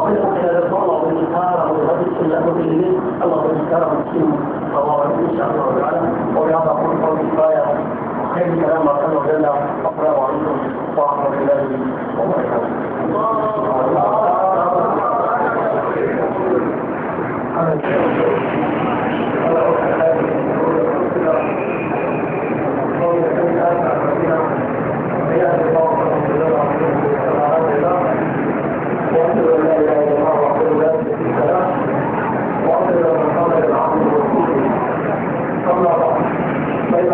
وخلق خلالك الله بالنهار والغد كله بالليل الله بالنهار والسلم الله رب ان شاء الله تعالى وبهذا اقول قولي كفايه خير الكلام ما كان وجلنا السلام عليكم ورحمه الله وبركاته. Thank you.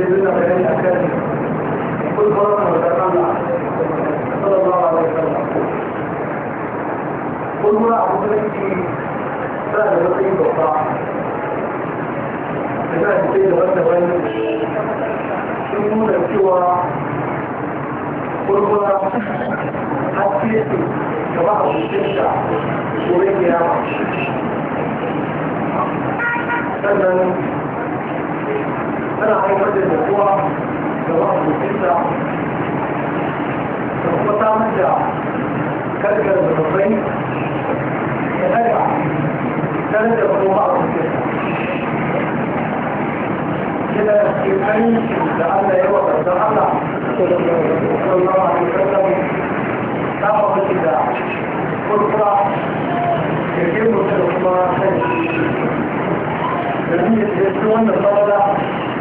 ya nuna bayani a kan kulkuwar wata kama sallallahu alaihi wasallam kulkuwar a musulunci tana da matsayin babba da tana da ke daban-daban sun nuna cewa kulkuwar haske ce a ko أنا عايز الموضوع لوقت الستة فهو تعمل كذا بالنظرين نرجع ثلاثة أربعة وستة كده يمكن لأن يوضع لأن صلى الله عليه وسلم تعرف الإذاعة فرصة يجب أن الله خير لأن يسلون الطلبة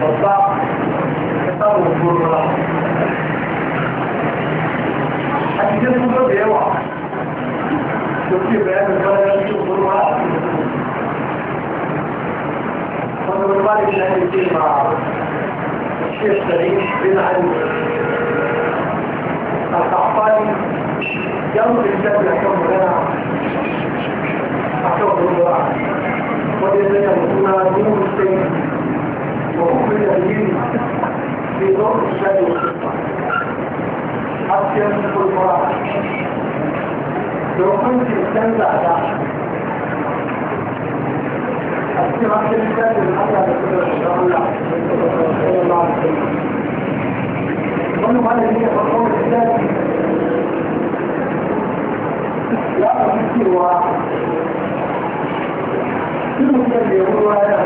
الضعف كتاب وصول الله حتى جسم قد يوعى يكتب بيان البلد يشوف الله وانا بالبالي من اهل الدين مع الشيخ سليم بن علي القحطاني يوم الكتاب يحكم لنا اعتبر الله وجدنا هنا نور السيد وكل دين في دور الشيء والخطة حتى يدخل المرأة لو كنت تستمتع بعد أسمع كلمات الحياة بكل الله قالوا هذا هي الرقم الثاني لا أفكر واحد كل مكان يقول هذا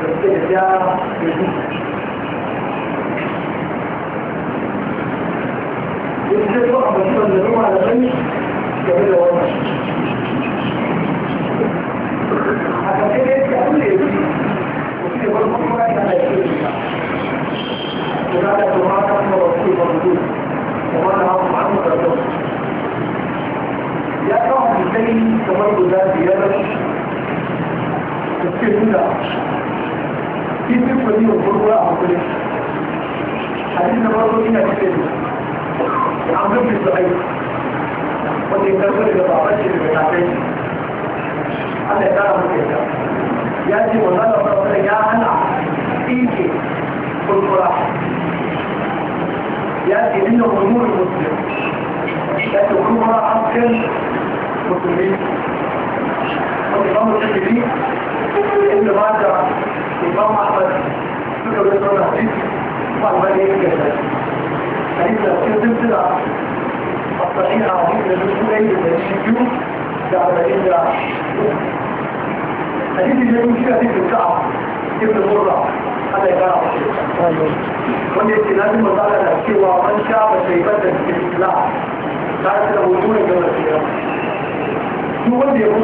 يجب أن نصنعوا على غني كبير ورش حتى كده يتكلم لي وفي برضه ما كان يكون وهذا ما كان مرسول مرسول وما نعرف عنه بالضبط يا قوم الثاني تمرد ذات يدك تفكير هنا في صفة دي وفرقها أحطلها حديثنا برضو إنا كتابه عن ضد الزعيم قلت إن تقول إذا تعرفش اللي بتعرفش أنا يتعرف كده يأتي والله لو ربنا يا هلع فيك بالفرح يأتي منه أمور المسلم يأتي أمور عسكر مسلمين قلت الأمر الشيء يقال بقى ايه كده فانت لو كنت بتلعب الصحيح عظيم للمسؤول اي الشيوخ بعد ايه هذه اللي مشكلة في الكعب كيف المرة هذا يقال والتي لازم نطالع نفسي ومن شعب سيبدل في الإسلام لا تتوجون من الإسلام